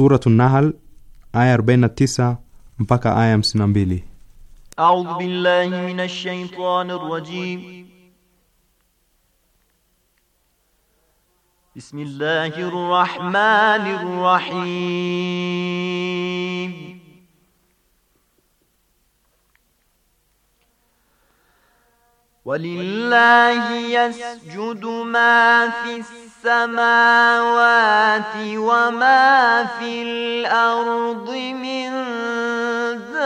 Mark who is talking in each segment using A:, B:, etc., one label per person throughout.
A: Suratu Nahl aya 49 mpaka aya
B: 52.
C: A'udhu billahi minash shaitani rrajim. Bismillahir rahmanir rahim. ولله يسجد ما في السماوات وما في الأرض من دابة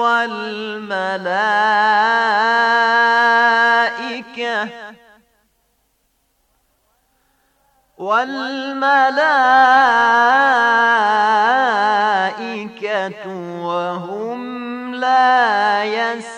C: والملائكة والملائكة وهم لا يسرون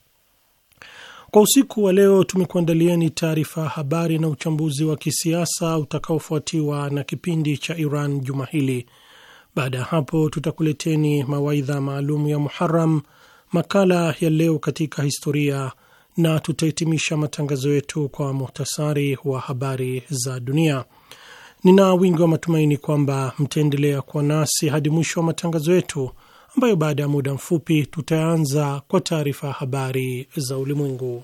D: Kwa usiku wa leo tumekuandalieni taarifa ya habari na uchambuzi wa kisiasa utakaofuatiwa na kipindi cha Iran juma hili. Baada ya hapo, tutakuleteni mawaidha maalum ya Muharam, makala ya leo katika historia, na tutahitimisha matangazo yetu kwa muhtasari wa habari za dunia. Nina wingi wa matumaini kwamba mtaendelea kuwa nasi hadi mwisho wa matangazo yetu ambayo baada ya muda mfupi tutaanza kwa taarifa ya habari za ulimwengu.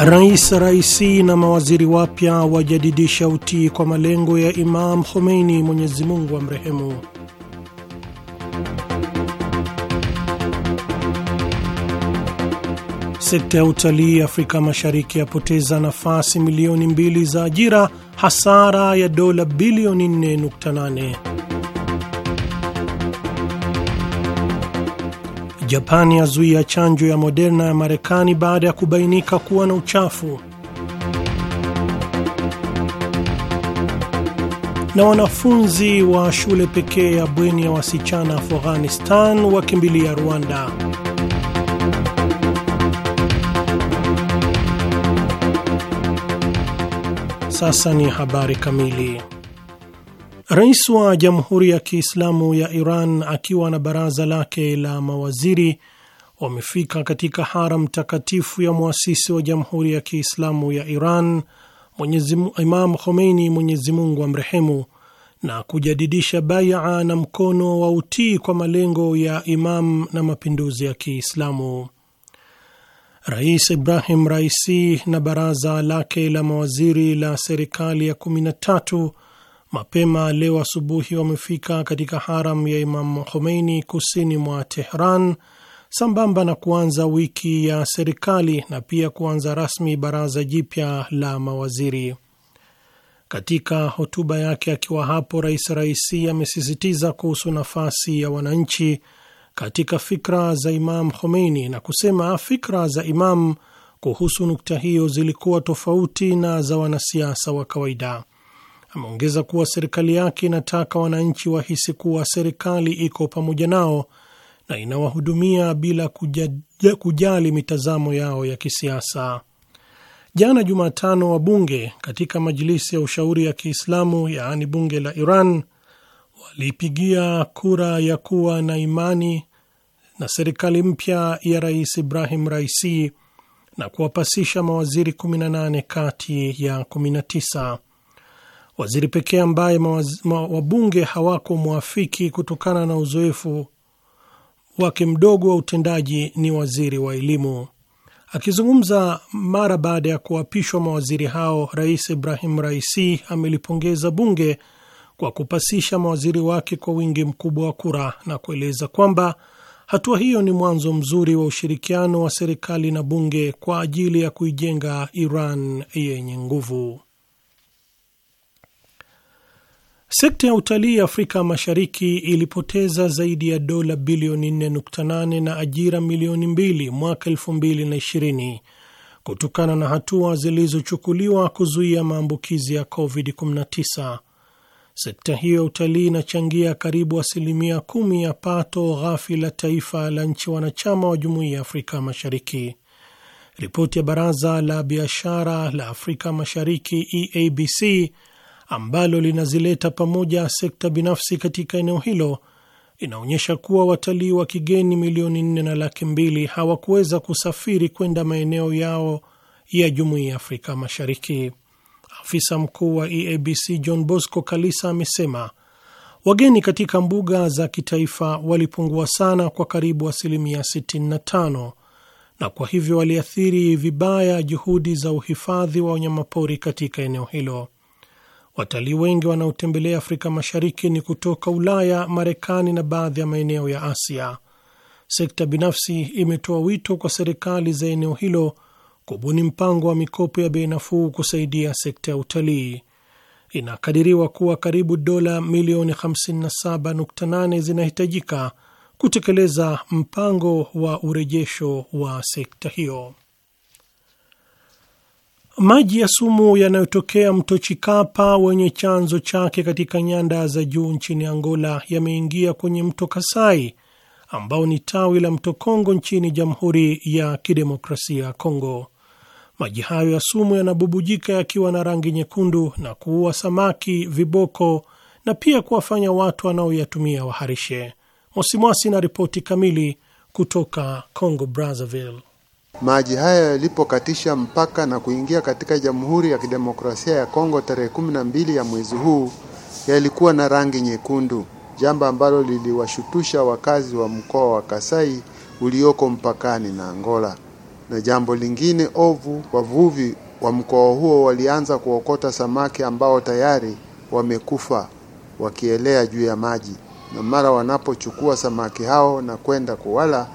D: Rais Raisi na mawaziri wapya wajadidisha utii kwa malengo ya Imam Khomeini, Mwenyezi Mungu amrehemu. Sekta ya utalii Afrika Mashariki yapoteza nafasi milioni mbili za ajira, hasara ya dola bilioni 4.8. Japani yazuia chanjo ya Moderna ya Marekani baada ya kubainika kuwa na uchafu, na wanafunzi wa shule pekee ya bweni ya wasichana Afghanistan wakimbilia Rwanda. Sasa ni habari kamili. Rais wa Jamhuri ya Kiislamu ya Iran akiwa na baraza lake la mawaziri wamefika katika haram takatifu ya mwasisi wa Jamhuri ya Kiislamu ya Iran Mwenyezi, Imam Khomeini Mwenyezi Mungu amrehemu na kujadidisha baia na mkono wa utii kwa malengo ya Imam na mapinduzi ya Kiislamu. Rais Ibrahim Raisi na baraza lake la mawaziri la serikali ya kumi na tatu Mapema leo asubuhi wamefika katika haram ya Imam Khomeini kusini mwa Tehran sambamba na kuanza wiki ya serikali na pia kuanza rasmi baraza jipya la mawaziri. Katika hotuba yake akiwa hapo, Rais Raisi amesisitiza kuhusu nafasi ya wananchi katika fikra za Imam Khomeini na kusema fikra za Imam kuhusu nukta hiyo zilikuwa tofauti na za wanasiasa wa kawaida ameongeza kuwa serikali yake inataka wananchi wahisi kuwa serikali iko pamoja nao na inawahudumia bila kujali mitazamo yao ya kisiasa. Jana Jumatano, wabunge katika Majilisi ya Ushauri ya Kiislamu, yaani bunge la Iran, walipigia kura ya kuwa na imani na serikali mpya ya Rais Ibrahim Raisi na kuwapasisha mawaziri 18 kati ya 19 waziri pekee ambaye wabunge hawakumwafiki kutokana na uzoefu wake mdogo wa utendaji ni waziri wa elimu. Akizungumza mara baada ya kuapishwa mawaziri hao, Rais Ibrahim Raisi amelipongeza bunge kwa kupasisha mawaziri wake kwa wingi mkubwa wa kura na kueleza kwamba hatua hiyo ni mwanzo mzuri wa ushirikiano wa serikali na bunge kwa ajili ya kuijenga Iran yenye nguvu. Sekta ya utalii Afrika Mashariki ilipoteza zaidi ya dola bilioni 4.8 na ajira milioni mbili mwaka 2020 kutokana na hatua zilizochukuliwa kuzuia maambukizi ya COVID-19. Sekta hiyo ya utalii inachangia karibu asilimia kumi ya pato ghafi la taifa la nchi wanachama wa jumuiya ya Afrika Mashariki. Ripoti ya Baraza la Biashara la Afrika Mashariki EABC ambalo linazileta pamoja sekta binafsi katika eneo hilo inaonyesha kuwa watalii wa kigeni milioni nne na laki mbili hawakuweza kusafiri kwenda maeneo yao ya jumuiya ya Afrika Mashariki. Afisa mkuu wa EABC John Bosco Kalisa amesema wageni katika mbuga za kitaifa walipungua sana kwa karibu asilimia 65, na kwa hivyo waliathiri vibaya juhudi za uhifadhi wa wanyamapori katika eneo hilo. Watalii wengi wanaotembelea Afrika Mashariki ni kutoka Ulaya, Marekani na baadhi ya maeneo ya Asia. Sekta binafsi imetoa wito kwa serikali za eneo hilo kubuni mpango wa mikopo ya bei nafuu kusaidia sekta ya utalii. Inakadiriwa kuwa karibu dola milioni 57.8 zinahitajika kutekeleza mpango wa urejesho wa sekta hiyo. Maji ya sumu yanayotokea mto Chikapa wenye chanzo chake katika nyanda za juu nchini Angola yameingia kwenye mto Kasai ambao ni tawi la mto Kongo nchini Jamhuri ya Kidemokrasia ya Kongo. Maji hayo ya sumu yanabubujika yakiwa na rangi nyekundu na kuua samaki, viboko na pia kuwafanya watu wanaoyatumia waharishe. Mosimwasi na ripoti kamili kutoka Congo Brazzaville.
B: Maji hayo yalipokatisha mpaka na kuingia katika Jamhuri ya Kidemokrasia ya Kongo tarehe kumi na mbili ya mwezi huu yalikuwa na rangi nyekundu, jambo ambalo liliwashutusha wakazi wa mkoa wa Kasai ulioko mpakani na Angola. Na jambo lingine ovu, wavuvi wa mkoa huo walianza kuokota samaki ambao tayari wamekufa wakielea juu ya maji, na mara wanapochukua samaki hao na kwenda kuwala,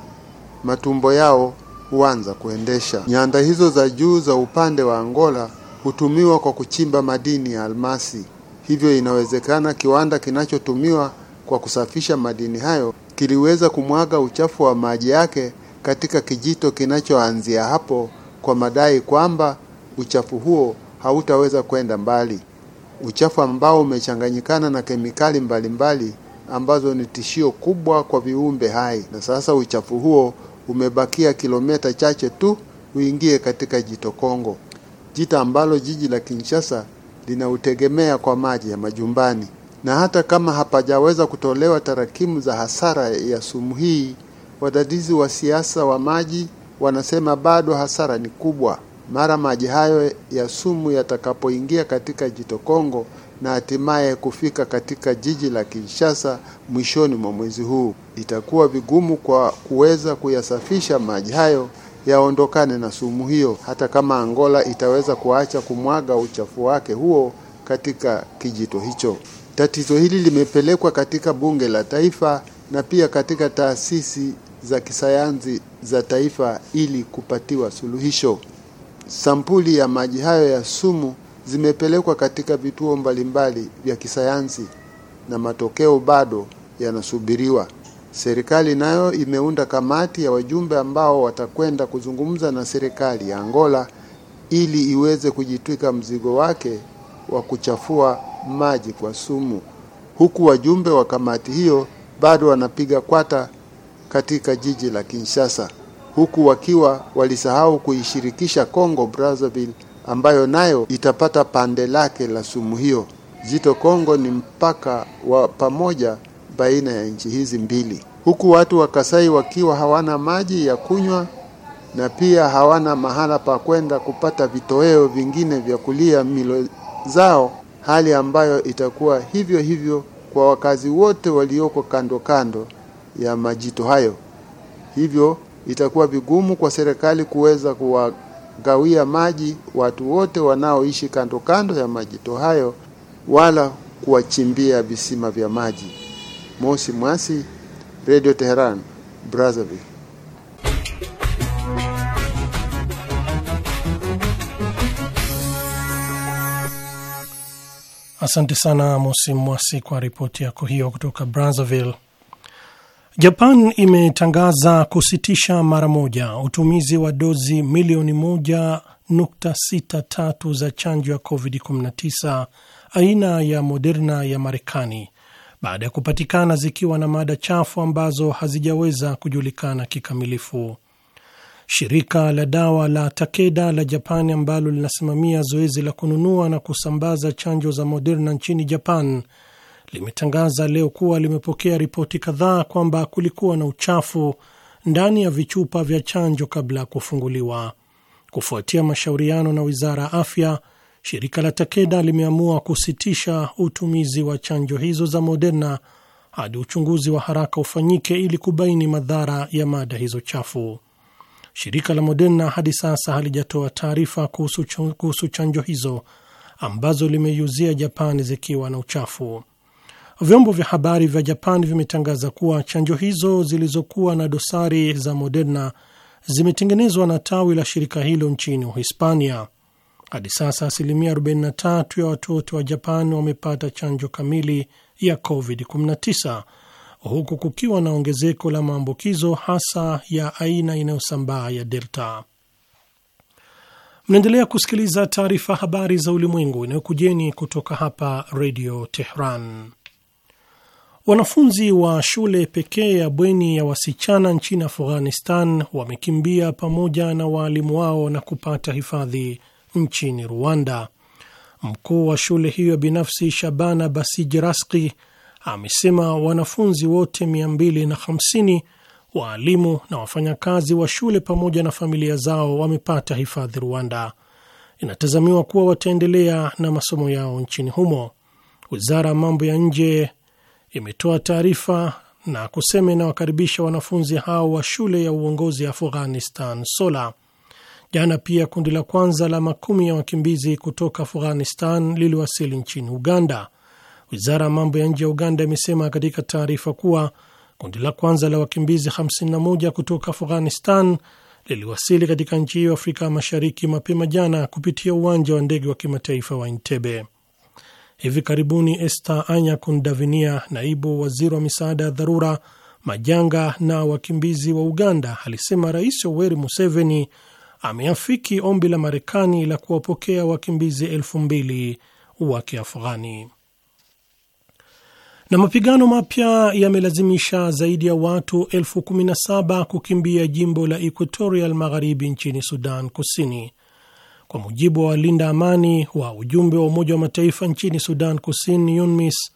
B: matumbo yao huanza kuendesha. Nyanda hizo za juu za upande wa Angola hutumiwa kwa kuchimba madini ya almasi, hivyo inawezekana kiwanda kinachotumiwa kwa kusafisha madini hayo kiliweza kumwaga uchafu wa maji yake katika kijito kinachoanzia hapo kwa madai kwamba uchafu huo hautaweza kwenda mbali, uchafu ambao umechanganyikana na kemikali mbalimbali mbali ambazo ni tishio kubwa kwa viumbe hai, na sasa uchafu huo umebakia kilomita chache tu uingie katika jito Kongo, jita ambalo jiji la Kinshasa linautegemea kwa maji ya majumbani. Na hata kama hapajaweza kutolewa tarakimu za hasara ya sumu hii, wadadizi wa siasa wa maji wanasema bado hasara ni kubwa. Mara maji hayo ya sumu yatakapoingia katika jito Kongo na hatimaye kufika katika jiji la Kinshasa mwishoni mwa mwezi huu. Itakuwa vigumu kwa kuweza kuyasafisha maji hayo yaondokane na sumu hiyo, hata kama Angola itaweza kuacha kumwaga uchafu wake huo katika kijito hicho. Tatizo hili limepelekwa katika bunge la taifa na pia katika taasisi za kisayansi za taifa ili kupatiwa suluhisho. Sampuli ya maji hayo ya sumu zimepelekwa katika vituo mbalimbali vya kisayansi na matokeo bado yanasubiriwa. Serikali nayo imeunda kamati ya wajumbe ambao watakwenda kuzungumza na serikali ya Angola ili iweze kujitwika mzigo wake wa kuchafua maji kwa sumu, huku wajumbe wa kamati hiyo bado wanapiga kwata katika jiji la Kinshasa, huku wakiwa walisahau kuishirikisha Congo Brazzaville ambayo nayo itapata pande lake la sumu hiyo. Zito Kongo ni mpaka wa pamoja baina ya nchi hizi mbili, huku watu wa Kasai wakiwa hawana maji ya kunywa na pia hawana mahala pa kwenda kupata vitoweo vingine vya kulia milo zao, hali ambayo itakuwa hivyo hivyo kwa wakazi wote walioko kando kando ya majito hayo. Hivyo itakuwa vigumu kwa serikali kuweza kuwa gawia maji watu wote wanaoishi kando kando ya majito hayo, wala kuwachimbia visima vya maji. Mosi Mwasi, Radio Tehran, Brazzaville.
D: Asante sana Mosi Mwasi kwa ripoti yako hiyo kutoka Brazzaville. Japan imetangaza kusitisha mara moja utumizi wa dozi milioni moja nukta sita tatu za chanjo ya COVID-19 aina ya Moderna ya Marekani baada ya kupatikana zikiwa na mada chafu ambazo hazijaweza kujulikana kikamilifu. Shirika la dawa la Takeda la Japani ambalo linasimamia zoezi la kununua na kusambaza chanjo za Moderna nchini Japan limetangaza leo kuwa limepokea ripoti kadhaa kwamba kulikuwa na uchafu ndani ya vichupa vya chanjo kabla ya kufunguliwa. Kufuatia mashauriano na wizara ya afya, shirika la Takeda limeamua kusitisha utumizi wa chanjo hizo za Moderna hadi uchunguzi wa haraka ufanyike ili kubaini madhara ya mada hizo chafu. Shirika la Moderna hadi sasa halijatoa taarifa kuhusu chanjo hizo ambazo limeiuzia Japani zikiwa na uchafu. Vyombo vya habari vya Japan vimetangaza kuwa chanjo hizo zilizokuwa na dosari za Moderna zimetengenezwa na tawi la shirika hilo nchini Uhispania. Hadi sasa asilimia 43 ya watoto wa Japan wamepata chanjo kamili ya COVID-19 huku kukiwa na ongezeko la maambukizo hasa ya aina inayosambaa ya Delta. Mnaendelea kusikiliza taarifa habari za ulimwengu inayokujeni kutoka hapa Redio Tehran. Wanafunzi wa shule pekee ya bweni ya wasichana nchini Afghanistan wamekimbia pamoja na waalimu wao na kupata hifadhi nchini Rwanda. Mkuu wa shule hiyo binafsi Shabana Basijiraski amesema wanafunzi wote 250 waalimu na wafanyakazi wa shule pamoja na familia zao wamepata hifadhi Rwanda. Inatazamiwa kuwa wataendelea na masomo yao nchini humo. Wizara ya mambo ya nje imetoa taarifa na kusema inawakaribisha wanafunzi hao wa shule ya uongozi Afghanistan SOLA. Jana pia kundi la kwanza la makumi ya wakimbizi kutoka Afghanistan liliwasili nchini Uganda. Wizara ya mambo ya nje ya Uganda imesema katika taarifa kuwa kundi la kwanza la wakimbizi 51 kutoka Afghanistan liliwasili katika nchi hiyo Afrika Mashariki mapema jana kupitia uwanja wa ndege wa kimataifa wa Entebbe. Hivi karibuni Esther Anya Kundavinia, naibu waziri wa misaada ya dharura, majanga na wakimbizi wa Uganda, alisema Rais Yoweri Museveni ameafiki ombi la Marekani la kuwapokea wakimbizi elfu mbili wa Kiafghani. Na mapigano mapya yamelazimisha zaidi ya watu elfu kumi na saba kukimbia jimbo la Equatorial Magharibi nchini Sudan Kusini. Kwa mujibu wa walinda amani wa ujumbe wa Umoja wa Mataifa nchini Sudan Kusini, UNMIS,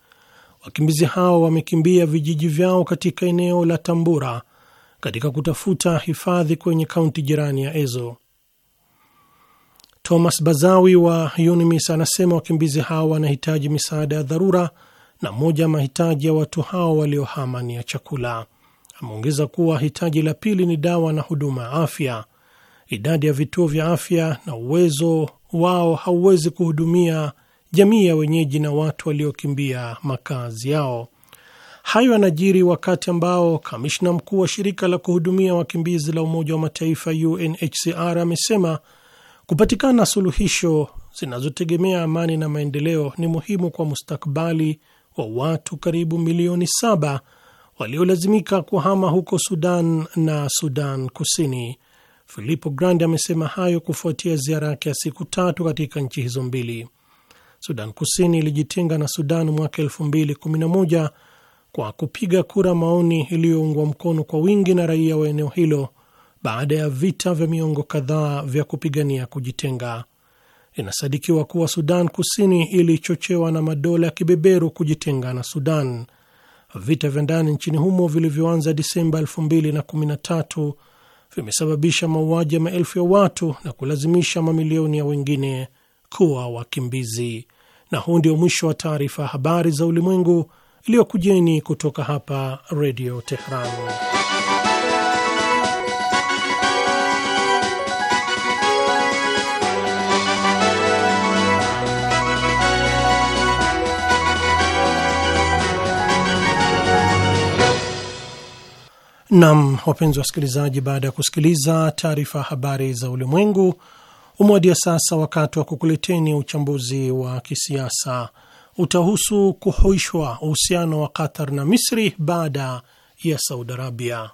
D: wakimbizi hao wamekimbia vijiji vyao katika eneo la Tambura katika kutafuta hifadhi kwenye kaunti jirani ya Ezo. Thomas Bazawi wa UNMIS anasema wakimbizi hao wanahitaji misaada ya dharura na moja ya mahitaji ya watu hao waliohama ni ya chakula. Ameongeza kuwa hitaji la pili ni dawa na huduma ya afya idadi ya vituo vya afya na uwezo wao hauwezi kuhudumia jamii ya wenyeji na watu waliokimbia makazi yao. Hayo yanajiri wakati ambao kamishna mkuu wa shirika la kuhudumia wakimbizi la Umoja wa Mataifa UNHCR amesema kupatikana suluhisho zinazotegemea amani na maendeleo ni muhimu kwa mustakabali wa watu karibu milioni saba waliolazimika kuhama huko Sudan na Sudan Kusini. Filippo Grandi amesema hayo kufuatia ziara yake ya siku tatu katika nchi hizo mbili. Sudan Kusini ilijitenga na Sudan mwaka 2011 kwa kupiga kura maoni iliyoungwa mkono kwa wingi na raia wa eneo hilo baada ya vita vya miongo kadhaa vya kupigania kujitenga. Inasadikiwa kuwa Sudan Kusini ilichochewa na madola ya kibeberu kujitenga na Sudan. Vita vya ndani nchini humo vilivyoanza Disemba 2013 vimesababisha mauaji ya maelfu ya watu na kulazimisha mamilioni ya wengine kuwa wakimbizi. Na huu ndio mwisho wa taarifa ya habari za ulimwengu iliyokujeni kutoka hapa Redio tehrani Nam, wapenzi wasikilizaji, baada ya kusikiliza taarifa habari za ulimwengu, umewadia sasa wakati wa kukuleteni uchambuzi wa kisiasa. Utahusu kuhuishwa uhusiano wa Qatar na Misri baada ya Saudi Arabia.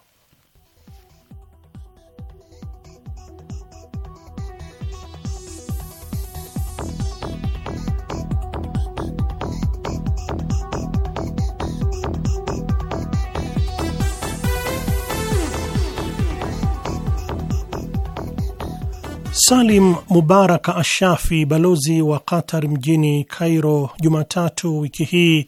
D: Salim Mubaraka Ashafi, balozi wa Qatar mjini Kairo, Jumatatu wiki hii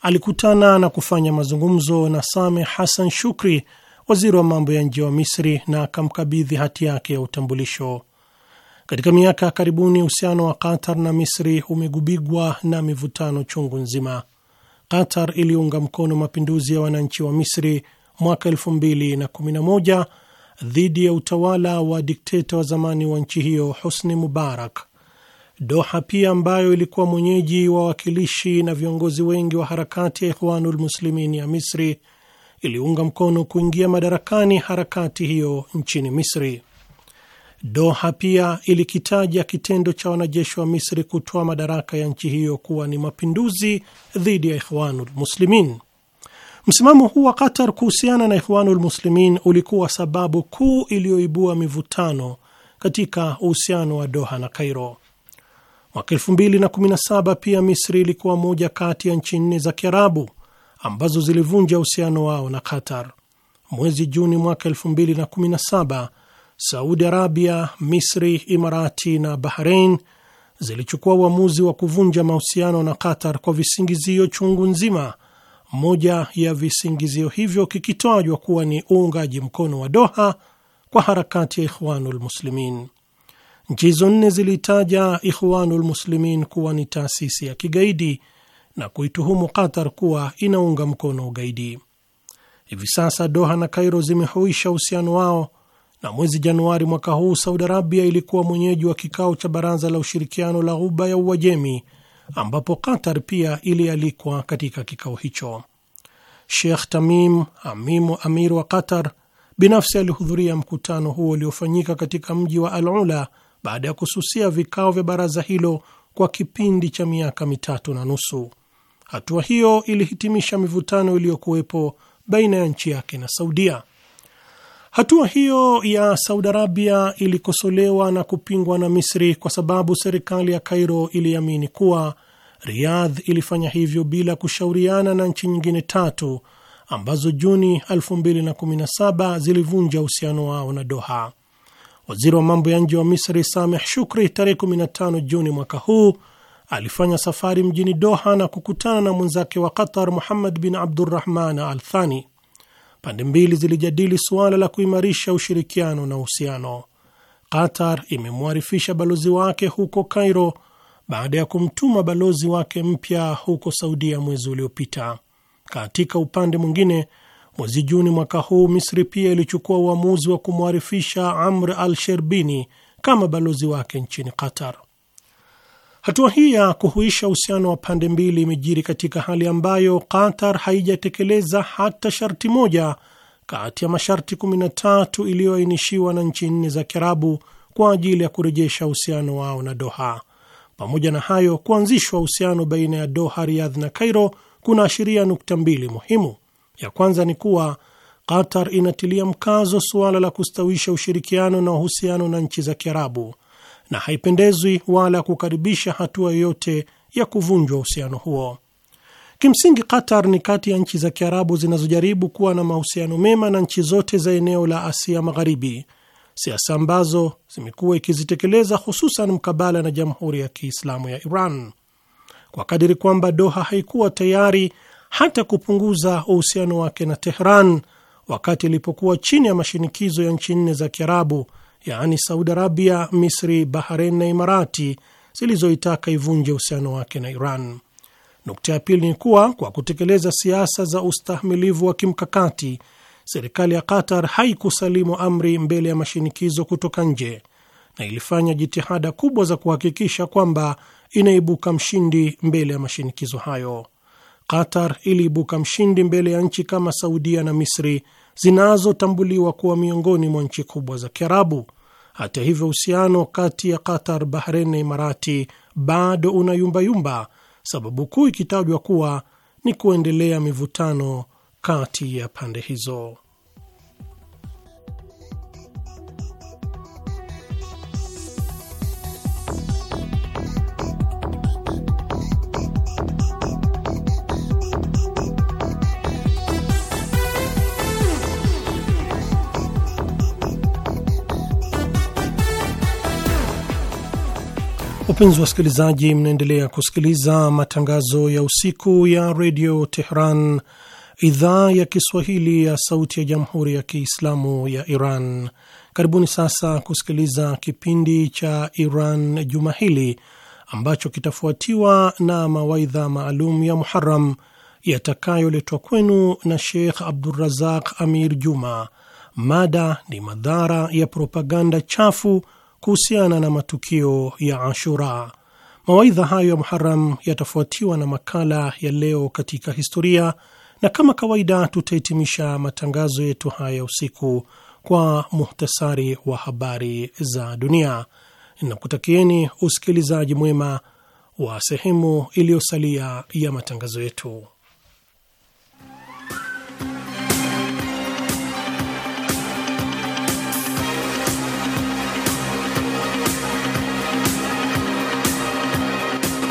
D: alikutana na kufanya mazungumzo na same Hassan Shukri, waziri wa mambo ya nje wa Misri, na akamkabidhi hati yake ya utambulisho. Katika miaka ya karibuni uhusiano wa Qatar na Misri umegubigwa na mivutano chungu nzima. Qatar iliunga mkono mapinduzi ya wananchi wa Misri mwaka 2011 dhidi ya utawala wa dikteta wa zamani wa nchi hiyo Husni Mubarak. Doha pia ambayo ilikuwa mwenyeji wa wakilishi na viongozi wengi wa harakati ya Ikhwanul Muslimin ya Misri iliunga mkono kuingia madarakani harakati hiyo nchini Misri. Doha pia ilikitaja kitendo cha wanajeshi wa Misri kutoa madaraka ya nchi hiyo kuwa ni mapinduzi dhidi ya Ikhwanul Muslimin. Msimamo huu wa Qatar kuhusiana na Ikhwanul Muslimin ulikuwa sababu kuu iliyoibua mivutano katika uhusiano wa Doha na Kairo. Mwaka 2017 pia Misri ilikuwa moja kati ya nchi nne za Kiarabu ambazo zilivunja uhusiano wao na Qatar. Mwezi Juni mwaka 2017, Saudi Arabia, Misri, Imarati na bahrein zilichukua uamuzi wa kuvunja mahusiano na Qatar kwa visingizio chungu nzima moja ya visingizio hivyo kikitajwa kuwa ni uungaji mkono wa Doha kwa harakati ya Ikhwanul Muslimin. Nchi hizo nne zilitaja Ikhwanul Muslimin kuwa ni taasisi ya kigaidi na kuituhumu Qatar kuwa inaunga mkono ugaidi. Hivi sasa Doha na Kairo zimehuisha uhusiano wao, na mwezi Januari mwaka huu Saudi Arabia ilikuwa mwenyeji wa kikao cha Baraza la Ushirikiano la Ghuba ya Uajemi ambapo Qatar pia ilialikwa katika kikao hicho. Sheikh Tamim Amimu, amir wa Qatar, binafsi alihudhuria mkutano huo uliofanyika katika mji wa Al Ula baada ya kususia vikao vya baraza hilo kwa kipindi cha miaka mitatu na nusu. Hatua hiyo ilihitimisha mivutano iliyokuwepo baina ya nchi yake na Saudia. Hatua hiyo ya Saudi Arabia ilikosolewa na kupingwa na Misri kwa sababu serikali ya Kairo iliamini kuwa Riyadh ilifanya hivyo bila kushauriana na nchi nyingine tatu ambazo Juni 2017 zilivunja uhusiano wao na Doha. Waziri wa mambo ya nje wa Misri Sameh Shukri tarehe 15 Juni mwaka huu alifanya safari mjini Doha na kukutana na mwenzake wa Qatar Muhammad bin Abdurrahman Al Thani. Pande mbili zilijadili suala la kuimarisha ushirikiano na uhusiano. Qatar imemwarifisha balozi wake huko Cairo baada ya kumtuma balozi wake mpya huko Saudia mwezi uliopita. Katika upande mwingine, mwezi Juni mwaka huu Misri pia ilichukua uamuzi wa kumwarifisha Amr al Sherbini kama balozi wake nchini Qatar. Hatua hii ya kuhuisha uhusiano wa pande mbili imejiri katika hali ambayo Qatar haijatekeleza hata sharti moja kati ya masharti 13 iliyoainishiwa na nchi nne za Kiarabu kwa ajili ya kurejesha uhusiano wao na Doha. Pamoja na hayo, kuanzishwa uhusiano baina ya Doha, Riyadh na Cairo kunaashiria nukta mbili muhimu. Ya kwanza ni kuwa Qatar inatilia mkazo suala la kustawisha ushirikiano na uhusiano na nchi za Kiarabu na haipendezwi wala kukaribisha hatua yoyote ya kuvunjwa uhusiano huo. Kimsingi, Qatar ni kati ya nchi za Kiarabu zinazojaribu kuwa na mahusiano mema na nchi zote za eneo la Asia Magharibi, siasa ambazo zimekuwa ikizitekeleza hususan mkabala na Jamhuri ya Kiislamu ya Iran, kwa kadiri kwamba Doha haikuwa tayari hata kupunguza uhusiano wake na Tehran wakati ilipokuwa chini ya mashinikizo ya nchi nne za Kiarabu yaani Saudi Arabia, Misri, bahrain na Imarati zilizoitaka ivunje uhusiano wake na Iran. Nukta ya pili ni kuwa kwa kutekeleza siasa za ustahimilivu wa kimkakati, serikali ya Qatar haikusalimu amri mbele ya mashinikizo kutoka nje na ilifanya jitihada kubwa za kuhakikisha kwamba inaibuka mshindi mbele ya mashinikizo hayo. Qatar iliibuka mshindi mbele ya nchi kama Saudia na Misri zinazotambuliwa kuwa miongoni mwa nchi kubwa za Kiarabu. Hata hivyo, uhusiano kati ya Qatar, Bahrein na Imarati bado unayumbayumba, sababu kuu ikitajwa kuwa ni kuendelea mivutano kati ya pande hizo. Wapenzi wasikilizaji, mnaendelea kusikiliza matangazo ya usiku ya redio Tehran, idhaa ya Kiswahili ya sauti ya jamhuri ya Kiislamu ya Iran. Karibuni sasa kusikiliza kipindi cha Iran juma hili ambacho kitafuatiwa na mawaidha maalum ya Muharam yatakayoletwa kwenu na Sheikh Abdurazaq Amir Juma. Mada ni madhara ya propaganda chafu kuhusiana na matukio ya Ashura. Mawaidha hayo ya Muharam yatafuatiwa na makala ya leo katika historia, na kama kawaida tutahitimisha matangazo yetu haya usiku kwa muhtasari wa habari za dunia. Nakutakieni usikilizaji mwema wa sehemu iliyosalia ya matangazo yetu.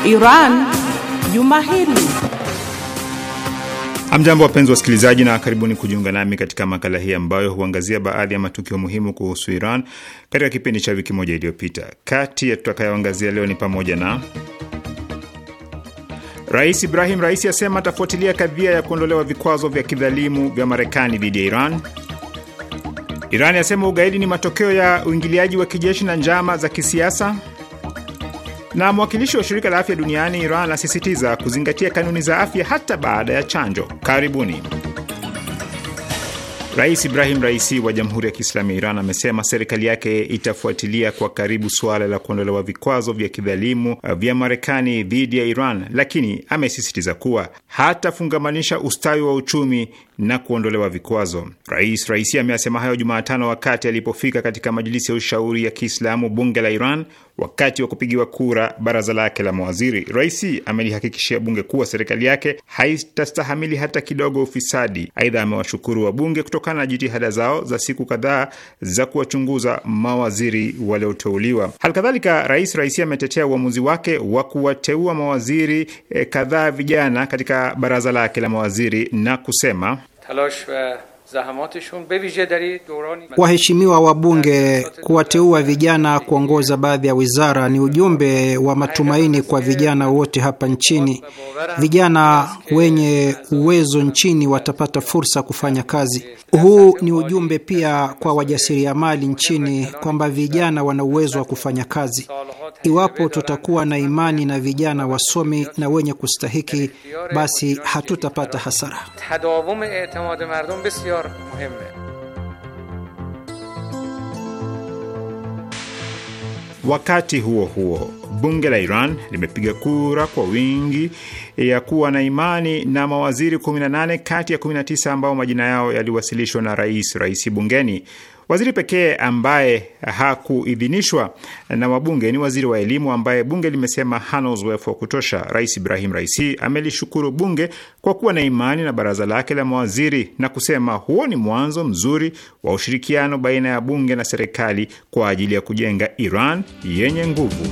E: Iran
F: juma hili.
A: Amjambo, wapenzi wasikilizaji, na karibuni kujiunga nami katika makala hii ambayo huangazia baadhi ya matukio muhimu kuhusu Iran katika kipindi cha wiki moja iliyopita. Kati ya tutakayoangazia leo ni pamoja na Rais Ibrahim Raisi asema atafuatilia kadhia ya kuondolewa vikwazo vya kidhalimu vya Marekani dhidi ya Iran. Iran yasema ugaidi ni matokeo ya uingiliaji wa kijeshi na njama za kisiasa. Na mwakilishi wa shirika la afya duniani Iran anasisitiza kuzingatia kanuni za afya hata baada ya chanjo. Karibuni. Rais Ibrahim Raisi wa Jamhuri ya Kiislamu ya Iran amesema serikali yake itafuatilia kwa karibu suala la kuondolewa vikwazo vya kidhalimu uh, vya Marekani dhidi ya Iran, lakini amesisitiza kuwa hatafungamanisha ustawi wa uchumi na kuondolewa vikwazo. Rais Raisi ameyasema hayo Jumatano wakati alipofika katika majilisi ya ushauri ya Kiislamu bunge la Iran wakati wa kupigiwa kura baraza lake la mawaziri. Raisi amelihakikishia bunge kuwa serikali yake haitastahamili hata kidogo ufisadi. Aidha, amewashukuru wabunge kutokana na jitihada zao za siku kadhaa za kuwachunguza mawaziri walioteuliwa. Halikadhalika, Rais Raisi ametetea uamuzi wake wa kuwateua mawaziri e, kadhaa vijana katika baraza lake la mawaziri na kusema
G: تلاش و
E: Waheshimiwa
F: wabunge, kuwateua vijana kuongoza baadhi ya wizara ni ujumbe wa matumaini kwa vijana wote hapa nchini. Vijana wenye uwezo nchini watapata fursa kufanya kazi. Huu ni ujumbe pia kwa wajasiriamali nchini kwamba vijana wana uwezo wa kufanya kazi. Iwapo tutakuwa na imani na vijana wasomi na wenye kustahiki, basi hatutapata hasara.
G: اختيار مهم
A: Wakati huo huo, bunge la Iran limepiga kura kwa wingi ya kuwa na imani na mawaziri 18 kati ya 19 ambao majina yao yaliwasilishwa na rais rais bungeni. Waziri pekee ambaye hakuidhinishwa na wabunge ni waziri wa elimu ambaye bunge limesema hana uzoefu wa kutosha. Rais Ibrahim Raisi amelishukuru bunge kwa kuwa na imani na baraza lake la mawaziri na kusema huo ni mwanzo mzuri wa ushirikiano baina ya bunge na serikali kwa ajili ya kujenga Iran yenye nguvu.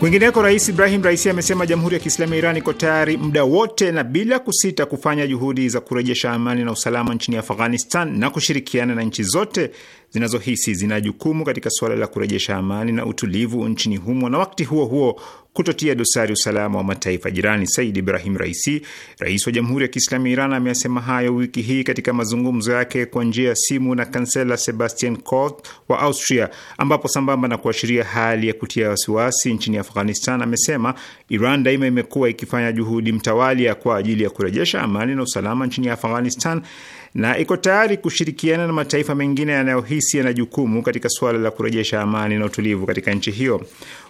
A: Kwingineko, Rais Ibrahim Raisi amesema Jamhuri ya Kiislamu ya Iran iko tayari muda wote na bila kusita kufanya juhudi za kurejesha amani na usalama nchini Afghanistan na kushirikiana na nchi zote zinazohisi zina jukumu katika suala la kurejesha amani na utulivu nchini humo na wakati huo huo kutotia dosari usalama wa mataifa jirani. Said Ibrahim Raisi, rais wa Jamhuri ya Kiislamu ya Iran, ameyasema hayo wiki hii katika mazungumzo yake kwa njia ya simu na kansela Sebastian Kurz wa Austria, ambapo sambamba na kuashiria hali ya kutia wasiwasi nchini Afghanistan, amesema Iran daima imekuwa ikifanya juhudi mtawalia kwa ajili ya kurejesha amani na usalama nchini Afghanistan na iko tayari kushirikiana na mataifa mengine yanayohisi yana jukumu katika suala la kurejesha amani na utulivu katika nchi hiyo.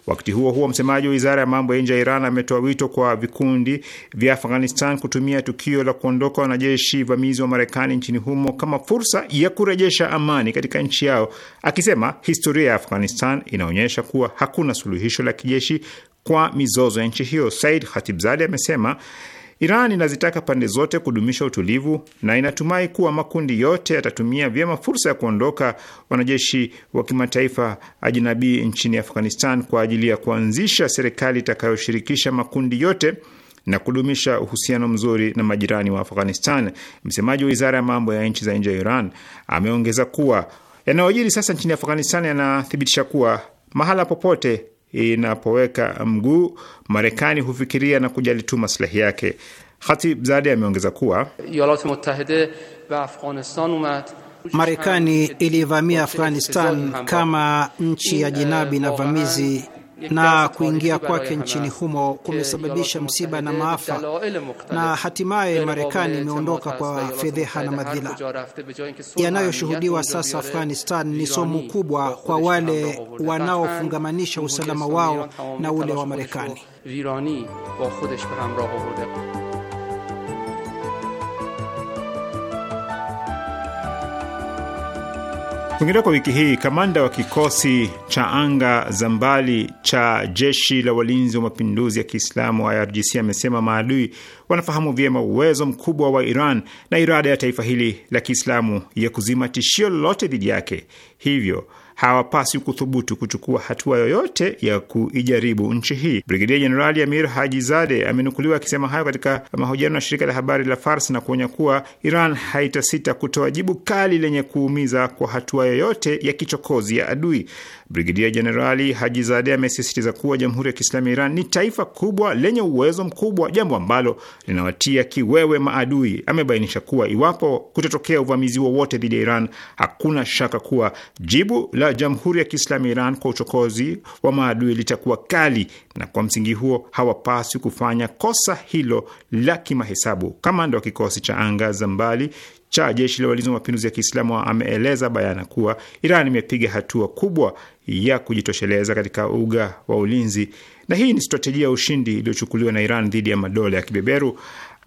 A: Wakati huo huo, msemaji wa wizara ya mambo ya nje ya Iran ametoa wito kwa vikundi vya Afghanistan kutumia tukio la kuondoka wanajeshi vamizi wa Marekani nchini humo kama fursa ya kurejesha amani katika nchi yao, akisema historia ya Afghanistan inaonyesha kuwa hakuna suluhisho la kijeshi kwa mizozo ya nchi hiyo. Said Khatibzadeh amesema Iran inazitaka pande zote kudumisha utulivu na inatumai kuwa makundi yote yatatumia vyema fursa ya kuondoka wanajeshi wa kimataifa ajinabii nchini Afghanistan kwa ajili ya kuanzisha serikali itakayoshirikisha makundi yote na kudumisha uhusiano mzuri na majirani wa Afghanistan. Msemaji wa wizara ya mambo ya nchi za nje ya Iran ameongeza kuwa yanayojiri sasa nchini Afghanistan yanathibitisha kuwa mahala popote inapoweka mguu, Marekani hufikiria na kujali tu maslahi yake. zadi ameongeza kuwa
B: Marekani
F: ilivamia Afghanistan kama nchi ya jinabi na vamizi
E: na kuingia kwake nchini
F: humo kumesababisha msiba na maafa, na hatimaye Marekani imeondoka kwa fedheha na
B: madhila. Yanayoshuhudiwa sasa Afghanistan
F: ni somo kubwa kwa wale wanaofungamanisha usalama wao na ule wa Marekani.
A: Kwingineko, wiki hii kamanda wa kikosi cha anga za mbali cha jeshi la walinzi wa mapinduzi ya Kiislamu IRGC amesema maadui wanafahamu vyema uwezo mkubwa wa Iran na irada ya taifa hili la Kiislamu ya kuzima tishio lolote dhidi yake, hivyo hawapasi kuthubutu kuchukua hatua yoyote ya kuijaribu nchi hii. Brigedia Jenerali Amir Haji Zade amenukuliwa akisema hayo katika mahojiano na shirika la habari la Fars na kuonya kuwa Iran haitasita kutoa jibu kali lenye kuumiza kwa hatua yoyote ya kichokozi ya adui. Brigedia Jenerali Haji Zade amesisitiza kuwa Jamhuri ya Kiislamu ya Iran ni taifa kubwa lenye uwezo mkubwa, jambo ambalo linawatia kiwewe maadui. Amebainisha kuwa iwapo kutotokea uvamizi wowote dhidi ya Iran, hakuna shaka kuwa jibu la Jamhuri ya Kiislamu ya Iran kwa uchokozi wa maadui litakuwa kali, na kwa msingi huo hawapaswi kufanya kosa hilo la kimahesabu. Kamanda wa kikosi cha anga za mbali cha jeshi la walinzi wa mapinduzi ya Kiislamu ameeleza bayana kuwa Iran imepiga hatua kubwa ya kujitosheleza katika uga wa ulinzi na hii ni stratejia ya ushindi iliyochukuliwa na Iran dhidi ya madola ya kibeberu.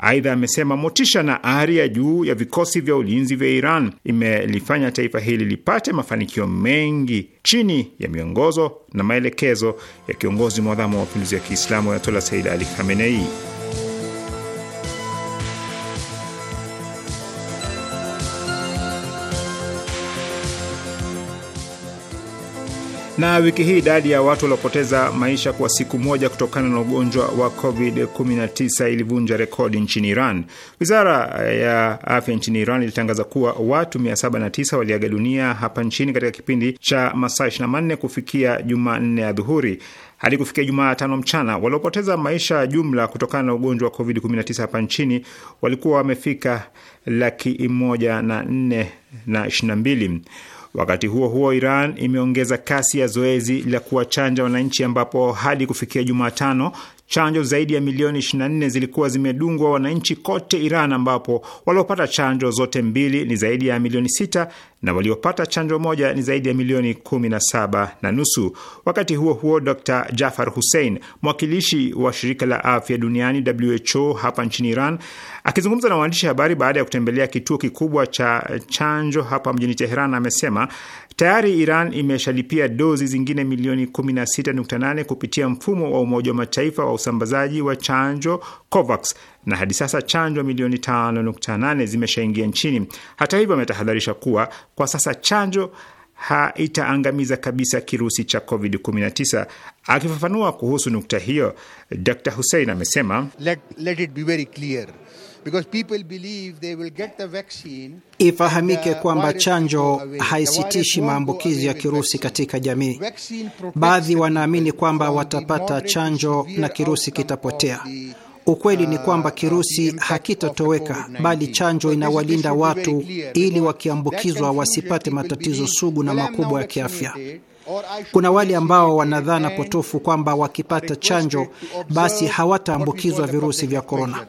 A: Aidha, amesema motisha na ari ya juu ya vikosi vya ulinzi vya Iran imelifanya taifa hili lipate mafanikio mengi chini ya miongozo na maelekezo ya kiongozi mwadhamu wa mapinduzi ya Kiislamu Ayatola Said Ali Khamenei. Na wiki hii idadi ya watu waliopoteza maisha kwa siku moja kutokana na ugonjwa wa COVID-19 ilivunja rekodi nchini Iran. Wizara ya afya nchini Iran ilitangaza kuwa watu 709 waliaga dunia hapa nchini katika kipindi cha masaa 24 kufikia Jumanne ya dhuhuri hadi kufikia Jumatano mchana. Waliopoteza maisha jumla kutokana na ugonjwa wa COVID-19 hapa nchini walikuwa wamefika laki moja na nne na ishirini na mbili. Wakati huo huo, Iran imeongeza kasi ya zoezi la kuwachanja wananchi ambapo hadi kufikia Jumatano Chanjo zaidi ya milioni 24 zilikuwa zimedungwa wananchi kote Iran, ambapo waliopata chanjo zote mbili ni zaidi ya milioni sita na waliopata chanjo moja ni zaidi ya milioni 17 na na nusu. Wakati huo huo, Dr Jafar Hussein, mwakilishi wa shirika la afya duniani WHO hapa nchini Iran, akizungumza na waandishi habari baada ya kutembelea kituo kikubwa cha chanjo hapa mjini Teheran, amesema Tayari Iran imeshalipia dozi zingine milioni 16.8 kupitia mfumo wa Umoja wa Mataifa wa usambazaji wa chanjo COVAX na hadi sasa chanjo milioni 5.8 zimeshaingia nchini. Hata hivyo, ametahadharisha kuwa kwa sasa chanjo haitaangamiza kabisa kirusi cha COVID-19. Akifafanua kuhusu nukta hiyo, Dr Hussein amesema
F: let, let it be very clear. Ifahamike kwamba chanjo haisitishi maambukizi ya kirusi katika jamii. Baadhi wanaamini kwamba watapata chanjo na kirusi kitapotea. Ukweli ni uh, kwamba kirusi hakitatoweka, bali chanjo inawalinda watu ili wakiambukizwa wasipate matatizo sugu na makubwa ya kiafya. Kuna wale ambao wanadhana potofu kwamba wakipata chanjo basi hawataambukizwa virusi vya korona.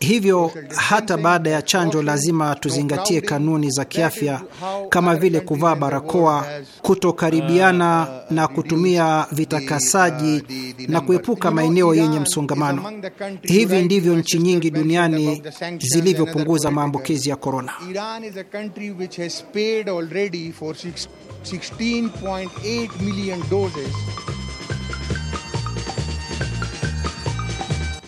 F: Hivyo hata baada ya chanjo lazima tuzingatie kanuni za kiafya kama vile kuvaa barakoa, kutokaribiana na kutumia vitakasaji na kuepuka maeneo yenye msongamano. Hivi ndivyo nchi nyingi duniani zilivyopunguza maambukizi ya korona.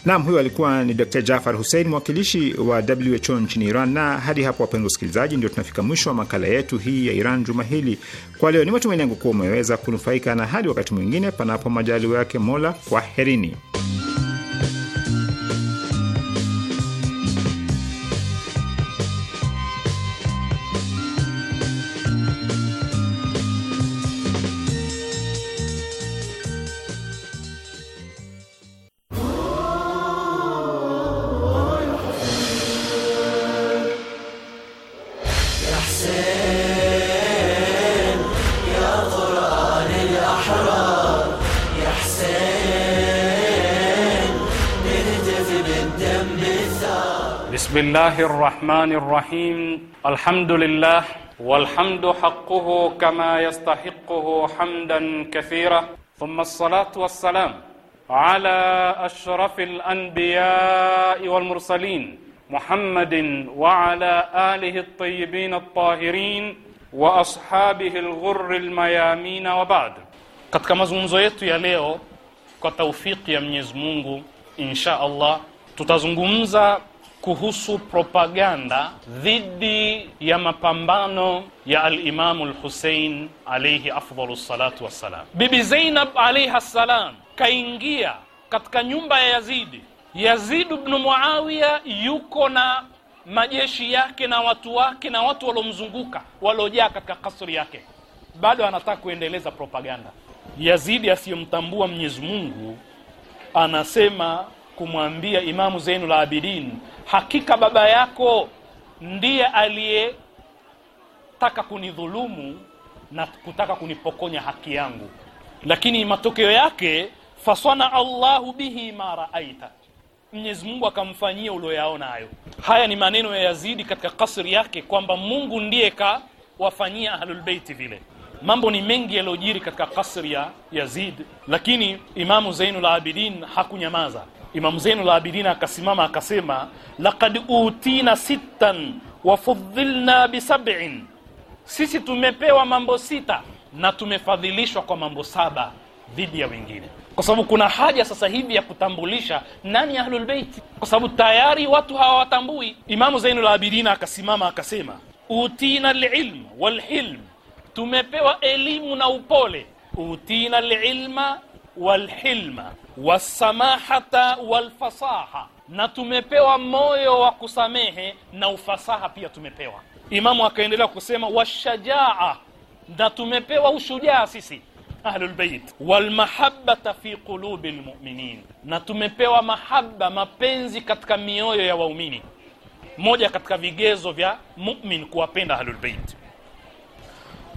A: Naam, huyo alikuwa ni Dr Jafar Hussein, mwakilishi wa WHO nchini Iran. Na hadi hapo, wapenzi wasikilizaji, ndio tunafika mwisho wa makala yetu hii ya Iran juma hili kwa leo. Ni matumaini yangu kuwa umeweza kunufaika, na hadi wakati mwingine, panapo majaliwa yake Mola, kwaherini.
E: الله الرحمن الرحيم الحمد لله والحمد حقه كما يستحقه حمدا كثيرا ثم الصلاة والسلام على أشرف الأنبياء والمرسلين محمد وعلى آله الطيبين الطاهرين وأصحابه الغر الميامين وبعد katika mazungumzo yetu ya leo kwa taufiki ya Mwenyezi Mungu insha Allah tutazungumza kuhusu propaganda dhidi ya mapambano ya Alimamu Lhusein alaihi afdalu salatu wassalam. Bibi Zainab alaiha ssalam kaingia katika nyumba ya Yazidi. Yazid bnu Muawiya yuko na majeshi yake na watu wake na watu waliomzunguka waliojaa katika kasri yake, bado anataka kuendeleza propaganda. Yazidi asiyemtambua Mwenyezi Mungu anasema kumwambia Imamu Zainul Abidin, hakika baba yako ndiye aliyetaka kunidhulumu na kutaka kunipokonya haki yangu, lakini matokeo yake fasana Allahu bihi ma raaita, Mwenyezi Mungu akamfanyia ulioyaona hayo. Haya ni maneno ya Yazidi katika kasri yake kwamba Mungu ndiye kawafanyia Ahlulbeiti vile. Mambo ni mengi yaliyojiri katika kasri ya Yazid, lakini Imamu Zainul Abidin hakunyamaza. Imamu Zainul Abidin akasimama akasema, laqad utina sittan wa bisabin bi sab'in, sisi tumepewa mambo sita na tumefadhilishwa kwa mambo saba dhidi ya wengine, kwa sababu kuna haja sasa hivi ya kutambulisha nani Ahlulbeiti, kwa sababu tayari watu hawawatambui. Imamu Zainul Abidin akasimama akasema, utina lilm walhilm tumepewa elimu na upole utina lilma walhilma wasamahata walfasaha na tumepewa moyo wa kusamehe na ufasaha pia tumepewa imamu akaendelea kusema washajaa na tumepewa ushujaa sisi ahlulbeit walmahabata fi qulubi lmuminin na tumepewa mahaba mapenzi katika mioyo ya waumini moja katika vigezo vya mumin kuwapenda ahlulbeit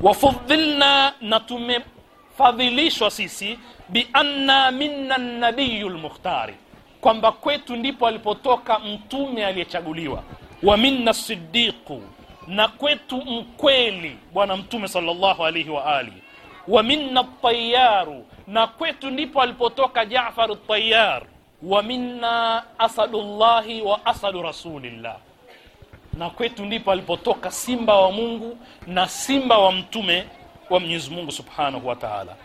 E: wafudhilna na tumefadhilishwa sisi bianna minna nabiyu lmukhtari kwamba kwetu ndipo alipotoka mtume aliyechaguliwa wa minna sidiqu na kwetu mkweli bwana mtume sallallahu alaihi wa alihi wa minna tayaru na kwetu ndipo alipotoka Jaafar tayar wa minna llahi wa asadu rasulillah na kwetu ndipo alipotoka simba wa Mungu na simba wa mtume wa Mwenyezi Mungu Subhanahu wa Ta'ala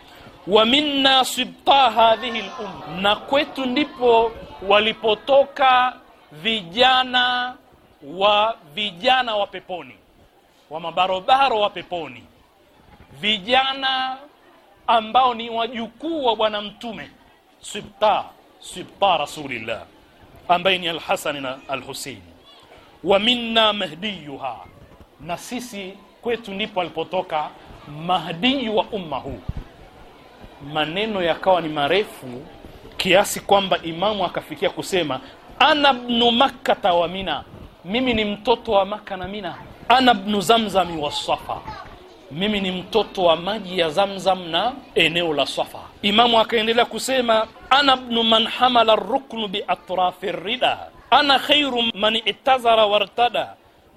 E: wa minna sibta hadhihi al-umma na kwetu ndipo walipotoka vijana wa vijana wa peponi wa mabarobaro wa peponi vijana ambao ni wajukuu wa bwana mtume sibta sibta rasulillah ambaye ni al-Hasan na al wa minna mahdiyuha, na sisi kwetu ndipo alipotoka mahdiyu wa umma huu. Maneno yakawa ni marefu kiasi kwamba imamu akafikia kusema ana bnu makkata wa mina, mimi ni mtoto wa Maka na Mina. Ana bnu zamzami wa Safa, mimi ni mtoto wa maji ya Zamzam na eneo la Safa. Imamu akaendelea kusema ana bnu man hamala ruknu biatrafi rida ana khairu man itazara wartada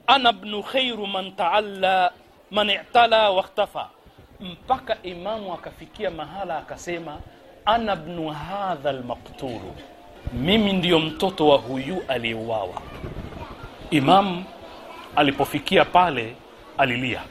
E: ana bnu khairu man taalla man i'tala wakhtafa mpaka imamu akafikia mahala akasema ana bnu hadha lmaktulu mimi ndiyo mtoto wa huyu aliyeuawa imamu alipofikia pale alilia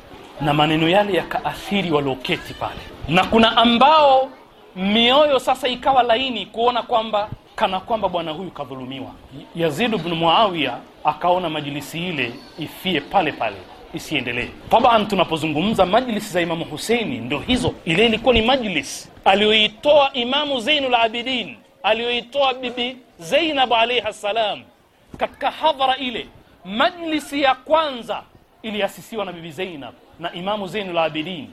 E: na maneno yale yakaathiri walioketi pale na kuna ambao mioyo sasa ikawa laini kuona kwamba kana kwamba bwana huyu kadhulumiwa. Yazid bnu Muawiya akaona majlisi ile ifie pale pale isiendelee. Taban, tunapozungumza majlisi za Imamu Huseini ndo hizo. Ile ilikuwa ni majlisi aliyoitoa Imamu Zainul Abidin, aliyoitoa Bibi Zainab alaihi ssalam katika hadhara ile. Majlisi ya kwanza iliasisiwa na Bibi Zainab na Imamu Zainul Abidin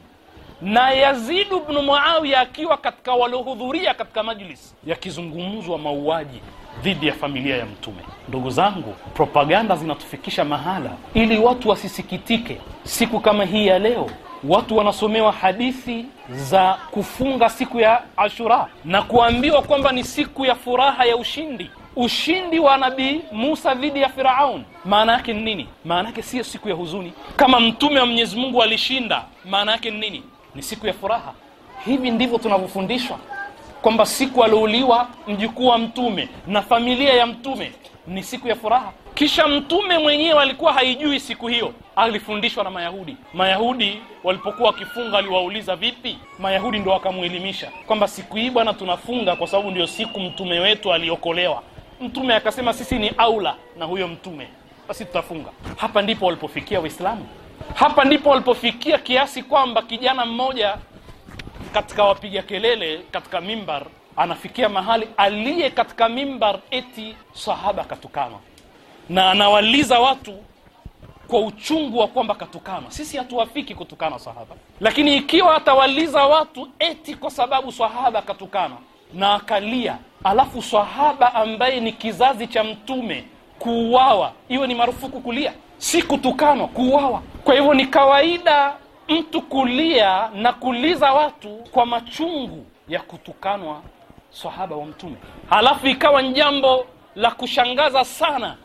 E: na Yazid bnu Muawiya akiwa katika waliohudhuria katika majlis yakizungumzwa mauaji dhidi ya familia ya Mtume. Ndugu zangu, propaganda zinatufikisha mahala, ili watu wasisikitike. Siku kama hii ya leo watu wanasomewa hadithi za kufunga siku ya Ashura na kuambiwa kwamba ni siku ya furaha ya ushindi, ushindi wa Nabii Musa dhidi ya Firaun. Maana yake ni nini? Maana yake siyo siku ya huzuni. Kama mtume wa Mwenyezi Mungu alishinda, maana yake ni nini? ni siku ya furaha. Hivi ndivyo tunavyofundishwa kwamba siku aliouliwa mjukuu wa mtume na familia ya mtume ni siku ya furaha. Kisha mtume mwenyewe alikuwa haijui siku hiyo, alifundishwa na Mayahudi. Mayahudi walipokuwa wakifunga aliwauliza vipi, Mayahudi ndo wakamwelimisha kwamba siku hii bwana, tunafunga kwa sababu ndio siku mtume wetu aliokolewa. Mtume akasema sisi ni aula na huyo mtume, basi tutafunga. Hapa ndipo walipofikia Waislamu. Hapa ndipo walipofikia kiasi kwamba kijana mmoja katika wapiga kelele katika mimbar anafikia mahali aliye katika mimbar eti sahaba katukanwa, na anawaliza watu kwa uchungu wa kwamba katukanwa. Sisi hatuwafiki kutukana sahaba, lakini ikiwa atawaliza watu eti kwa sababu sahaba katukana na akalia, alafu sahaba ambaye ni kizazi cha Mtume kuuawa, iwe ni marufuku kulia? si kutukanwa, kuuawa. Kwa hivyo ni kawaida mtu kulia na kuliza watu kwa machungu ya kutukanwa sahaba wa Mtume. Halafu ikawa ni jambo la kushangaza sana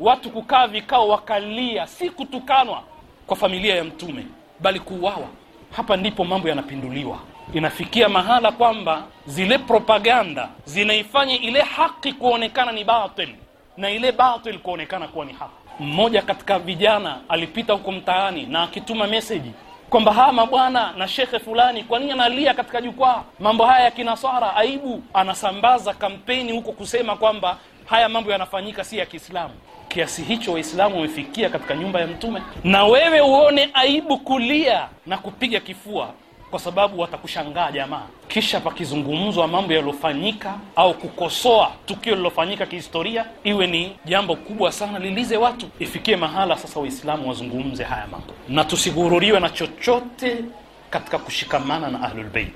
E: watu kukaa vikao wakalia, si kutukanwa kwa familia ya Mtume, bali kuuawa. Hapa ndipo mambo yanapinduliwa. Inafikia mahala kwamba zile propaganda zinaifanya ile haki kuonekana ni batil na ile batil kuonekana kuwa ni haki mmoja katika vijana alipita huko mtaani na akituma meseji kwamba haya mabwana na shekhe fulani, kwa nini analia katika jukwaa mambo haya ya kinaswara? Aibu. Anasambaza kampeni huko kusema kwamba haya mambo yanafanyika si ya Kiislamu. Kiasi hicho Waislamu wamefikia katika nyumba ya Mtume, na wewe uone aibu kulia na kupiga kifua kwa sababu watakushangaa jamaa. Kisha pakizungumzwa mambo yaliyofanyika au kukosoa tukio lililofanyika kihistoria, iwe ni jambo kubwa sana lilize watu, ifikie mahala sasa Waislamu wazungumze haya mambo, na tusighururiwe na chochote katika kushikamana na Ahlulbeit.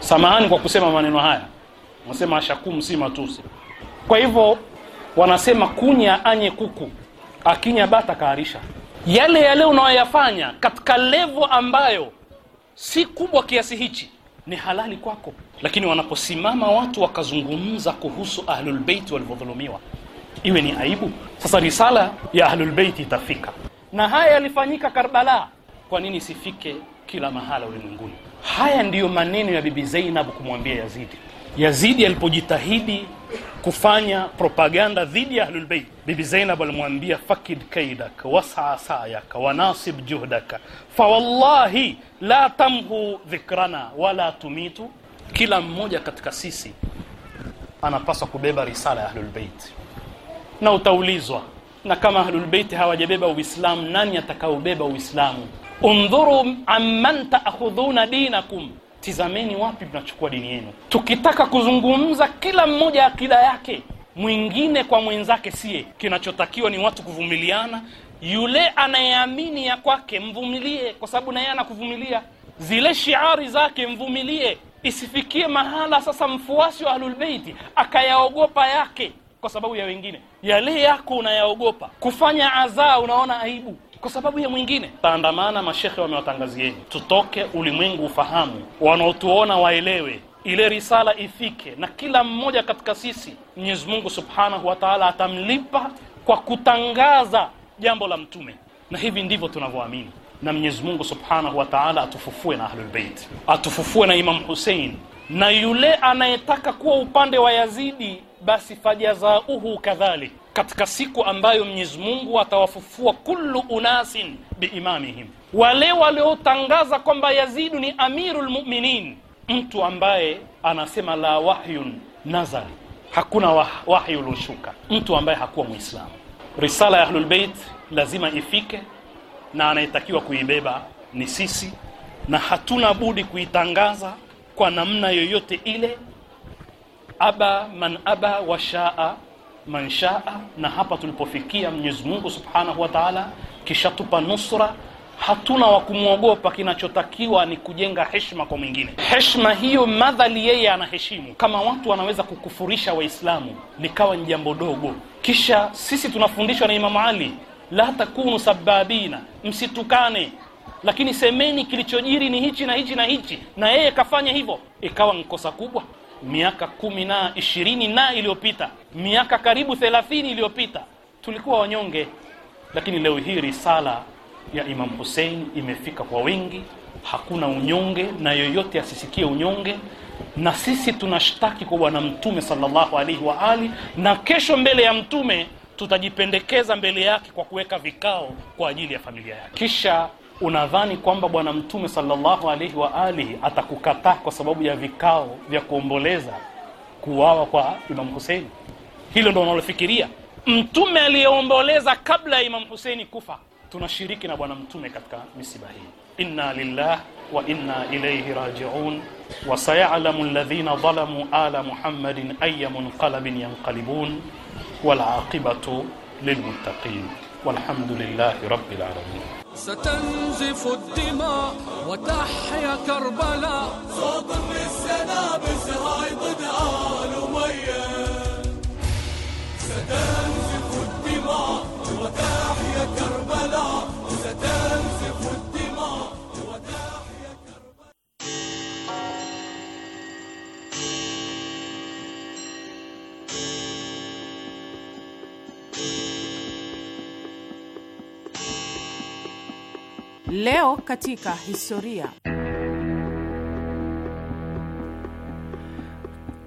E: Samahani kwa kusema maneno haya, nasema ashakum si matusi. Kwa hivyo wanasema kunya anye kuku akinya bata kaarisha yale yale unayoyafanya katika levo ambayo si kubwa kiasi hichi ni halali kwako lakini wanaposimama watu wakazungumza kuhusu ahlulbeiti walivyodhulumiwa iwe ni aibu sasa risala ya ahlulbeiti itafika na haya yalifanyika karbala kwa nini isifike kila mahala ulimwenguni haya ndiyo maneno ya bibi zainab kumwambia yazidi yazidi alipojitahidi kufanya propaganda dhidi ya Ahlul Bayt. Bibi Zainab alimwambia fakid kaidak wasaa sayak wanasib juhdaka fawallahi la tamhu dhikrana wala tumitu. Kila mmoja katika sisi anapaswa kubeba risala ya Ahlul Bayt, na utaulizwa na kama Ahlul Bayt hawajabeba Uislamu, nani atakaobeba Uislamu? Undhuru amman taakhudhuna dinakum tizameni wapi mnachukua dini yenu. Tukitaka kuzungumza kila mmoja akida yake mwingine kwa mwenzake siye, kinachotakiwa ni watu kuvumiliana. Yule anayeamini ya kwake mvumilie, kwa sababu naye anakuvumilia. Zile shiari zake mvumilie, isifikie mahala sasa mfuasi wa Ahlulbeiti akayaogopa yake kwa sababu ya wengine. Yale yako unayaogopa kufanya adhaa, unaona aibu kwa sababu ya mwingine. Taandamana, mashekhe wamewatangazieni, tutoke ulimwengu ufahamu, wanaotuona waelewe ile risala ifike, na kila mmoja katika sisi Mwenyezi Mungu Subhanahu wa Ta'ala atamlipa kwa kutangaza jambo la Mtume, na hivi ndivyo tunavyoamini. Na Mwenyezi Mungu Subhanahu wa Ta'ala atufufue na Ahlulbeit, atufufue na Imam husein na yule anayetaka kuwa upande wa Yazidi, basi fajazauhu kadhalik katika siku ambayo Mwenyezi Mungu atawafufua kullu unasin biimamihim, wale waliotangaza kwamba Yazidu ni amirul mu'minin, mtu ambaye anasema la wahyun nazari, hakuna wah, wahyi ulioshuka, mtu ambaye hakuwa Muislamu. Risala ya Ahlul Bait lazima ifike, na anayetakiwa kuibeba ni sisi, na hatuna budi kuitangaza kwa namna yoyote ile, aba man aba washaa manshaa, na hapa tulipofikia Mwenyezi Mungu Subhanahu wa Ta'ala kishatupa nusra hatuna wa kumwogopa. Kinachotakiwa ni kujenga heshima kwa mwingine. Heshima hiyo madhali yeye anaheshimu. Kama watu wanaweza kukufurisha Waislamu likawa ni jambo dogo, kisha sisi tunafundishwa na Imamu Ali, la takunu sababina, msitukane, lakini semeni kilichojiri ni hichi na hichi na hichi, na yeye kafanya hivyo, ikawa nkosa kubwa miaka kumi na ishirini na iliyopita, miaka karibu thelathini iliyopita tulikuwa wanyonge, lakini leo hii risala ya Imam husein imefika kwa wengi. Hakuna unyonge na yoyote asisikie unyonge, na sisi tunashtaki kwa Bwana Mtume sallallahu alaihi wa ali, na kesho mbele ya Mtume tutajipendekeza mbele yake kwa kuweka vikao kwa ajili ya familia yake. Kisha unadhani kwamba Bwana Mtume sallallahu alaihi wa alihi atakukataa kwa sababu ya vikao vya kuomboleza kuuawa kwa Imam Huseini? Hilo ndo unalofikiria? Mtume aliyeomboleza kabla ya Imam Huseini kufa, tunashiriki na Bwana Mtume katika misiba hii. Inna lillah wa inna ilaihi rajiun wa sayalamu alladhina dhalamu ala muhammadin aya munqalabin yanqalibun wal aqibatu lilmuttaqin walhamdulillahi rabbil alamin. ستنزف الدماء وتحيا
H: كربلاء صوت من السنابس هاي آل أمية ستنزف الدماء وتحيا
G: كربلاء
E: Leo katika historia.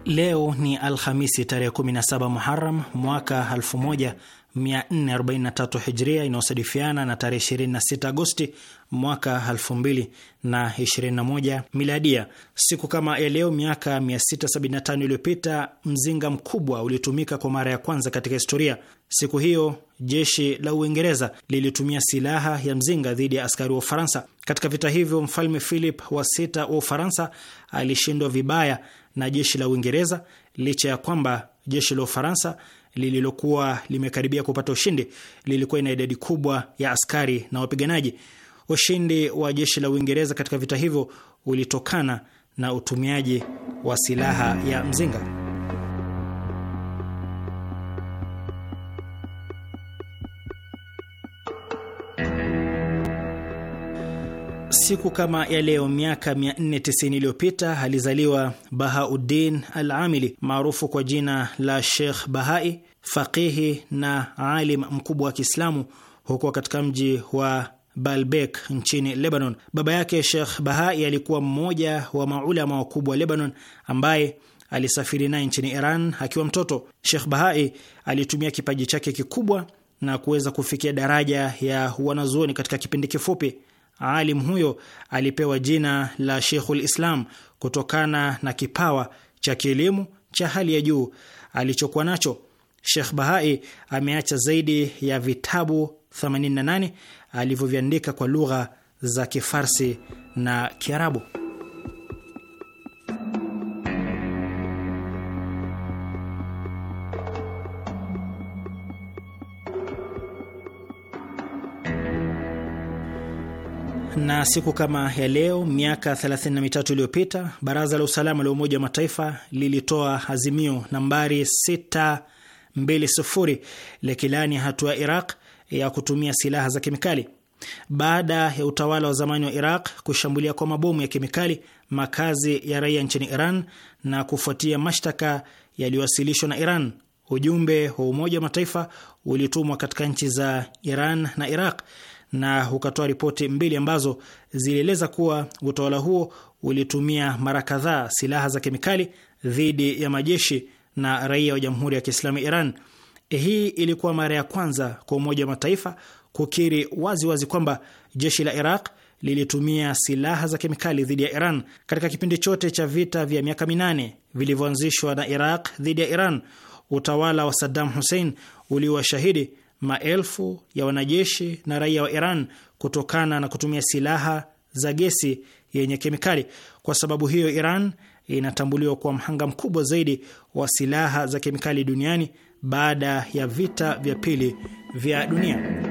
I: Leo ni Alhamisi tarehe 17 Muharam mwaka 1443 Hijria, inayosadifiana na tarehe 26 Agosti mwaka 2021 Miladia. Siku kama ya leo miaka 675 iliyopita, mzinga mkubwa ulitumika kwa mara ya kwanza katika historia. Siku hiyo jeshi la Uingereza lilitumia silaha ya mzinga dhidi ya askari wa Ufaransa. Katika vita hivyo, mfalme Philip wa sita wa Ufaransa alishindwa vibaya na jeshi la Uingereza, licha ya kwamba jeshi la Ufaransa lililokuwa limekaribia kupata ushindi lilikuwa ina idadi kubwa ya askari na wapiganaji. Ushindi wa jeshi la Uingereza katika vita hivyo ulitokana na utumiaji wa silaha ya mzinga. siku kama ya leo miaka 490 iliyopita alizaliwa Bahauddin al-Amili maarufu kwa jina la Sheikh Bahai, faqihi na alim mkubwa wa Kiislamu huko katika mji wa Baalbek nchini Lebanon. Baba yake Sheikh Bahai alikuwa mmoja wa maulama wakubwa wa Lebanon ambaye alisafiri naye nchini Iran akiwa mtoto. Sheikh Bahai alitumia kipaji chake kikubwa na kuweza kufikia daraja ya wanazuoni katika kipindi kifupi. Alim huyo alipewa jina la Sheikhul Islam kutokana na kipawa cha kielimu cha hali ya juu alichokuwa nacho. Sheikh Bahai ameacha zaidi ya vitabu 88 alivyoviandika kwa lugha za Kifarsi na Kiarabu. Na siku kama ya leo miaka 33 iliyopita baraza la usalama la Umoja wa Mataifa lilitoa azimio nambari 620 likilaani hatua ya Iraq ya kutumia silaha za kemikali baada ya utawala wa zamani wa Iraq kushambulia kwa mabomu ya kemikali makazi ya raia nchini Iran na kufuatia mashtaka yaliyowasilishwa na Iran. Ujumbe wa Umoja wa Mataifa ulitumwa katika nchi za Iran na Iraq na ukatoa ripoti mbili ambazo zilieleza kuwa utawala huo ulitumia mara kadhaa silaha za kemikali dhidi ya majeshi na raia wa Jamhuri ya Kiislamu Iran. Hii ilikuwa mara ya kwanza kwa Umoja wa Mataifa kukiri waziwazi wazi kwamba jeshi la Iraq lilitumia silaha za kemikali dhidi ya Iran katika kipindi chote cha vita vya miaka minane vilivyoanzishwa na Iraq dhidi ya Iran. Utawala wa Saddam Hussein uliwashahidi maelfu ya wanajeshi na raia wa Iran kutokana na kutumia silaha za gesi yenye kemikali. Kwa sababu hiyo, Iran inatambuliwa kuwa mhanga mkubwa zaidi wa silaha za kemikali duniani baada ya vita vya pili vya dunia.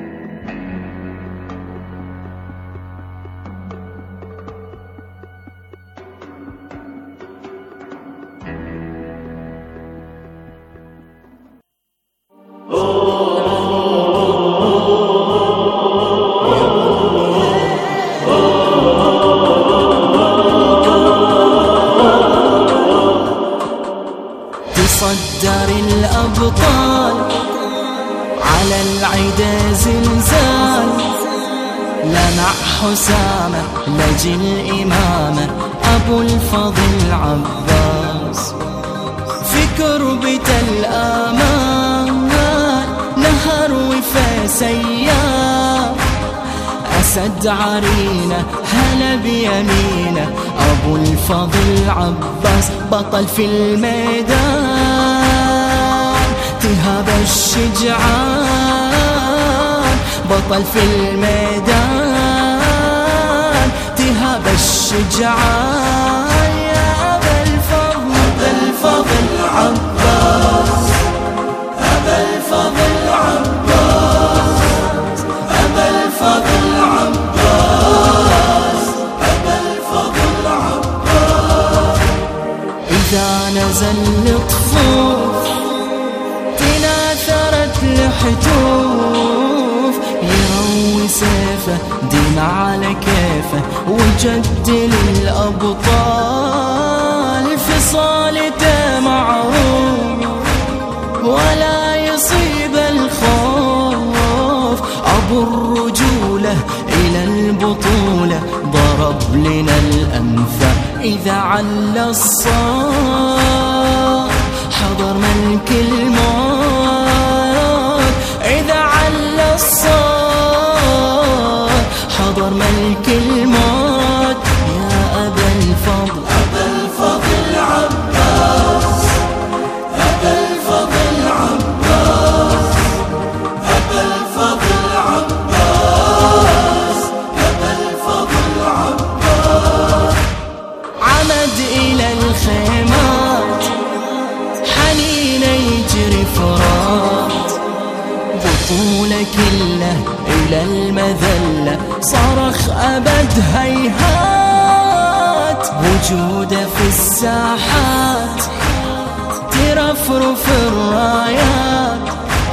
H: إذا نزل
G: طفوف
H: تناثرت الحتوف يروي سيفه دمع على كيفه وجد للابطال فصالته معروف ولا يصيب الخوف أبو الرجولة إلى البطولة ضرب لنا الأمثال إذا عل الصوت حضر ملك الموت إذا عل الصوت صرخ أبد هيهات وجوده في الساحات ترفرف الرايات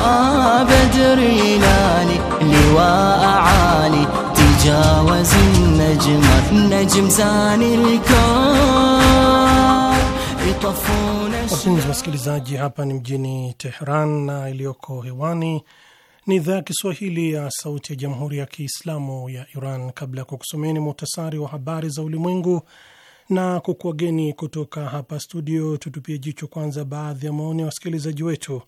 H: آه بدري لالي لواء عالي تجاوز النجم نجم زاني
D: الكون يطفون الشمس Ni idhaa ya Kiswahili ya Sauti ya Jamhuri ya Kiislamu ya Iran. Kabla ya kukusomeni muhtasari wa habari za ulimwengu na kukuageni kutoka hapa studio, tutupie jicho kwanza baadhi ya maoni ya wasikilizaji wetu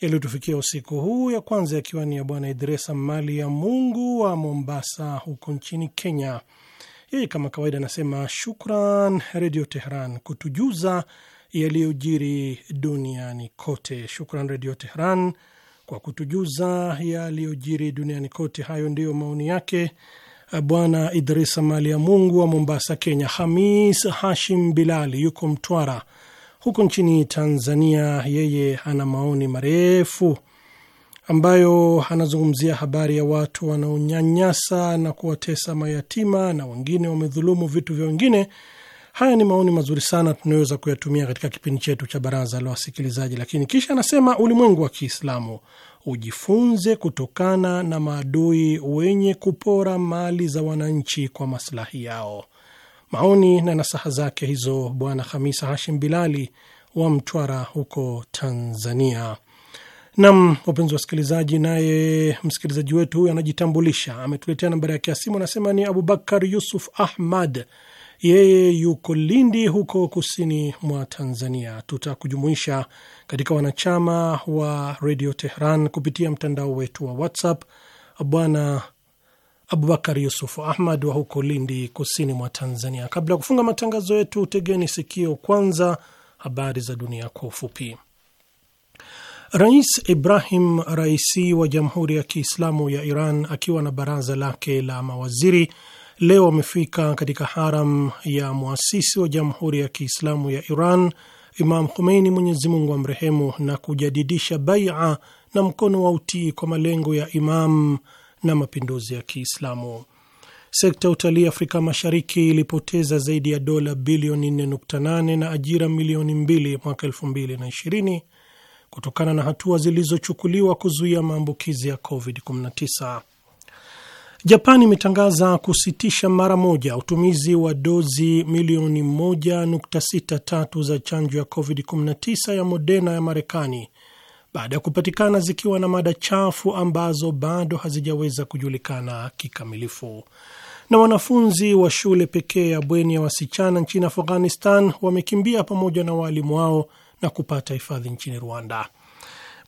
D: yaliyotufikia usiku huu. Ya kwanza yakiwa ni ya Bwana Idresa Mali ya Mungu wa Mombasa huko nchini Kenya. Yeye kama kawaida anasema shukran Redio Tehran kutujuza yaliyojiri duniani kote. Shukran Redio Tehran kwa kutujuza yaliyojiri duniani kote. Hayo ndiyo maoni yake Bwana Idrisa Mali ya Mungu wa Mombasa, Kenya. Hamis Hashim Bilali yuko Mtwara huko nchini Tanzania, yeye ana maoni marefu ambayo anazungumzia habari ya watu wanaonyanyasa na kuwatesa mayatima na wengine wamedhulumu vitu vya wengine Haya ni maoni mazuri sana tunayoweza kuyatumia katika kipindi chetu cha baraza la wasikilizaji. Lakini kisha anasema ulimwengu wa Kiislamu ujifunze kutokana na maadui wenye kupora mali za wananchi kwa maslahi yao. Maoni na nasaha zake hizo Bwana Hamisa Hashim Bilali wa Mtwara huko Tanzania. Nam, wapenzi wasikilizaji, naye msikilizaji wetu huyu anajitambulisha, ametuletea nambari yake ya simu, anasema ni Abubakar Yusuf Ahmad yeye yuko Lindi huko kusini mwa Tanzania. Tutakujumuisha katika wanachama wa redio Tehran kupitia mtandao wetu wa WhatsApp. Bwana Abubakar Yusufu Ahmad wa huko Lindi, kusini mwa Tanzania. Kabla ya kufunga matangazo yetu, tegeni sikio kwanza habari za dunia kwa ufupi. Rais Ibrahim Raisi wa Jamhuri ya Kiislamu ya Iran akiwa na baraza lake la mawaziri leo wamefika katika haram ya mwasisi wa Jamhuri ya Kiislamu ya Iran, Imam Khomeini, Mwenyezi Mungu amrehemu, na kujadidisha baia na mkono wa utii kwa malengo ya Imam na mapinduzi ya Kiislamu. Sekta ya utalii Afrika Mashariki ilipoteza zaidi ya dola bilioni 4.8 na ajira milioni 2 mwaka 2020 kutokana na hatua zilizochukuliwa kuzuia maambukizi ya COVID-19. Japan imetangaza kusitisha mara moja utumizi wa dozi milioni 1.63 za chanjo ya COVID-19 ya Moderna ya Marekani baada ya kupatikana zikiwa na mada chafu ambazo bado hazijaweza kujulikana kikamilifu. Na wanafunzi wa shule pekee ya bweni ya wasichana nchini Afghanistan wamekimbia pamoja na waalimu wao na kupata hifadhi nchini Rwanda.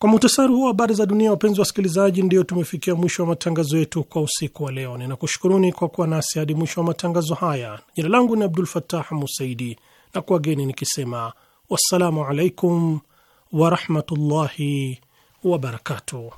D: Kwa muhtasari huo habari za dunia, wapenzi wa wasikilizaji, ndio tumefikia mwisho wa matangazo yetu kwa usiku wa leo. Ninakushukuruni kwa kuwa nasi hadi mwisho wa matangazo haya. Jina langu ni Abdul Fatah Musaidi na kuwageni nikisema wassalamu alaikum warahmatullahi wabarakatuh.